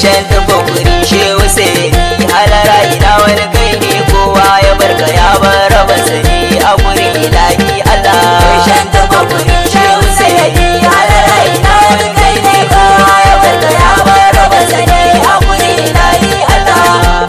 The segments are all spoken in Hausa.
shan taba wurin shehu sai halara ina wani kai ne kowa ya barka ya bar raba sani a gurin ilahi Allah shan taba wurin shehu sai halara ina wani kai ne kowa ya barka ya bar raba sani a gurin ilahi Allah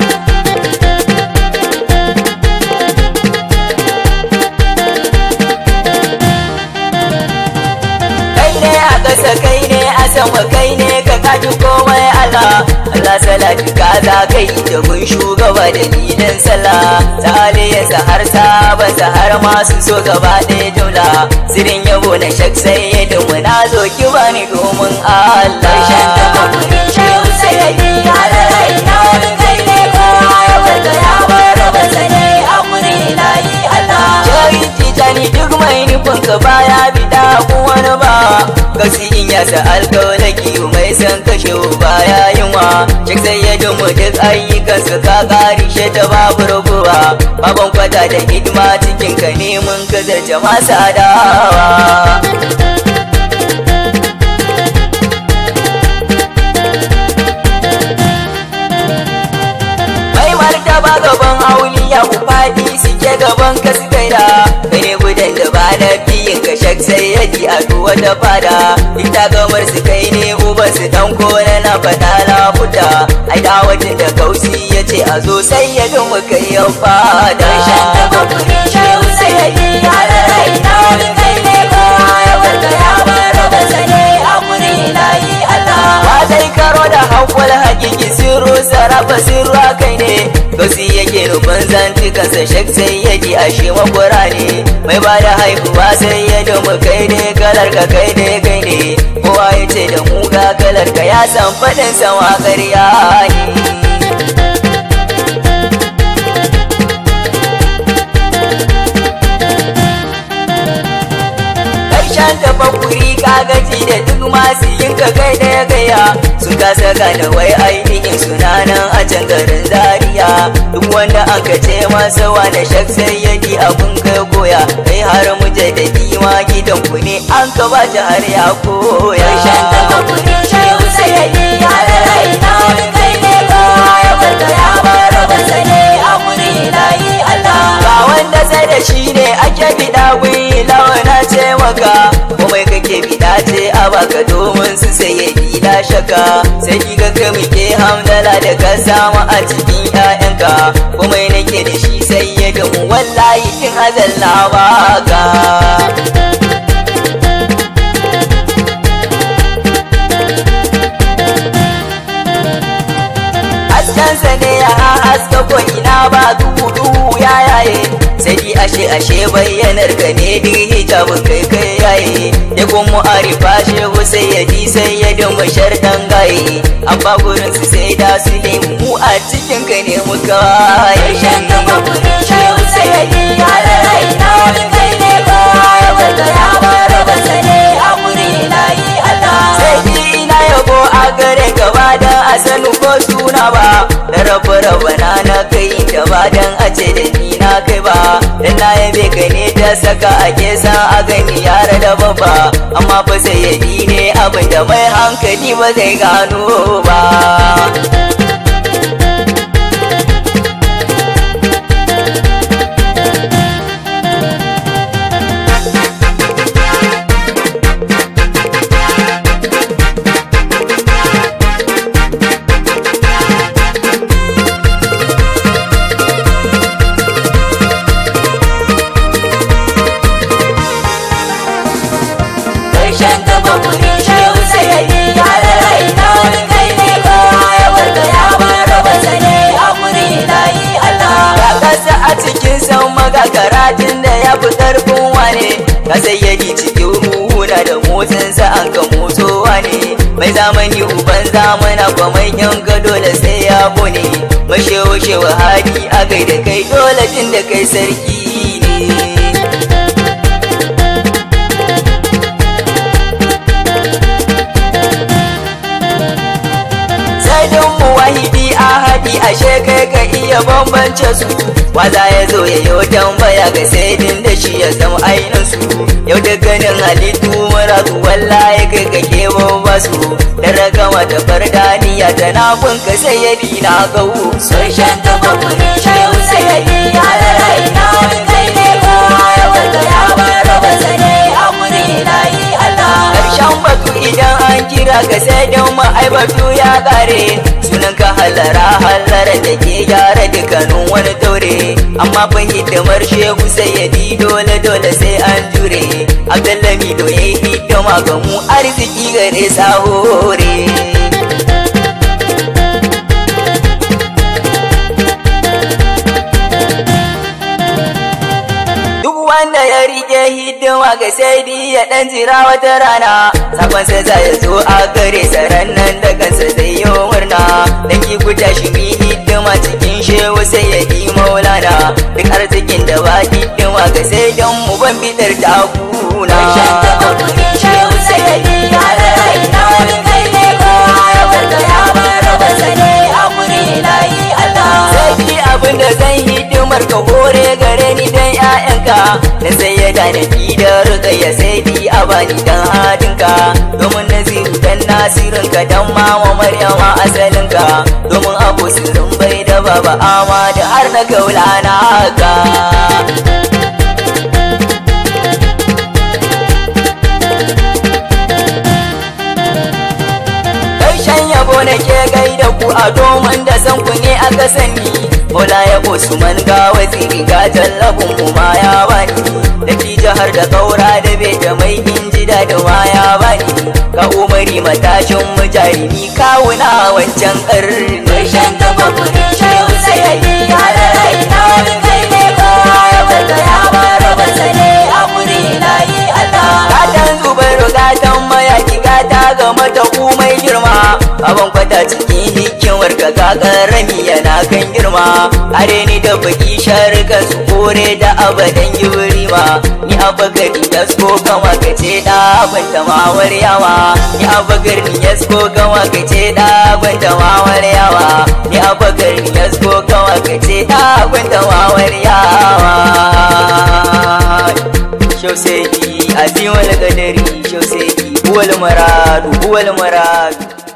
kai ne a ƙasa kai ne a sama kai ne kai kaji komai komai Allah sala ki ka za kai da mun shugaba da nilan sallah taliyarsa har sabansa har masu so gaba ɗaya daula sirin yabo na shak sai ya dumu na zo ki bani domin Allah Jari titani ya sa alkawalaki mai san kashe baya yunwa cik sai ya dumu duk ayyukansa ka shi ta babu kuwa babban kwata da hidima cikin ka neman ka da jama'a sadawa gaban auliya ku faɗi suke gaban kaskaira kai ne gudan da ba na fi yaki a duwa da fada ita gamar su kai ne uban su dan kore na fada na futa ai da wajen da kausi ya ce a zo sai ya gama mu kai ya fada. Shan ta sai ya yi zanti kasa shek sai ya ji ashe makwara ne mai ba da haihuwa sai ya domu kai ne kalar ka kai ne kai ne kowa ya ce da mu ga kalar ka ya san faɗin san wakar yayi Shan ta bakuri kagaji da duk masu yin ka kai daya gaya sun kasa gane wai ainihin sunanan a can garin zaria duk wanda aka ce masa wani shak sai yadi abun ka goya kai har mu je da kima gidan ku ne an ka ba ta har ya koya Ba wanda zai da shi ne ake bida ce a baka domin su saye gida shaka sai ki ga ka muke hamdala da ka samu a cikin 'ya'yanka kuma nake da shi sai ya gamu wallahi kin azalla baka Haskansa ne ya haska ko ina ba duhu duhu ya yaye ashe bayyanar ka ne duk hijabin kai kai yayi ya kuma arifa shehu sai ya ji sai ya dan gayi an ba gurin su sai da su mu a cikin ka ne muka yayi ya saka a kesa a gani yara da babba amma fa sayyadi ne abin da mai hankali ba zai gano ba ta mana kwamai yan ga dole sai ya bone mashe wuce haki a gaida kai dole tun da kai sarki ne ashe kai ka iya bambance su waza ya zo ya yi tambaya ga saidin da shi ya zama ainihin su yau da ganin halittu mara su wallahi kai ka ke bamba su da ragama da fardaniya da nafin ka sayyadi na gawo sun ne ka sai din mu ya kare sunan ka halara halara da ke gyara dukkanin wani taure amma ban hidimar shehu sai ya di dole dole sai an jure abdallami do yayi hidima ga mu arziki gare sahore rike hidima ga shaidi ya dan jira wata rana sakonsa za ya zo a gare saran nan da kansa zai yi murna dan ki guda shi bi hidima cikin shehu sai ya yi maulana duk arzikin da ba hidima ga sai dan mu ban bidar ta kuna abin da zan hidimar ka da tanadi da ruka ya sai bi a bani dan hadinka domin naziru dan nasirinka dan mama maryama asalinka domin abu sirrin bai da baba ama da har na kaulana haka Karshen yabo nake gaida ku a domin da san ku ne aka sani Ola ya man ga waziri ga tallafin mu kuma ya bani da ki jihar da kaura da bai da mai inji da ma ya bani ka umari matashin mu kawo kawuna wancan karni. Karshen gaba kudin shehu sai ya yi yara rai na wani kai ne ko ya bata ya ba basa ne a wuri na yi Allah. Gatan zubar gatan mayaki gata ga mata kumai girma abin kwata cikin ka gagarami yana kan girma are ni da baki sharka su kore da abadan gibrima ni abagari yasko kama ka ce da banta mawar yawa ni abagari yasko kama ka ce da banta mawar yawa ni abagari yasko kama ka ce da banta mawar yawa shauseki azimul qadari shauseki huwal maradu huwal maradu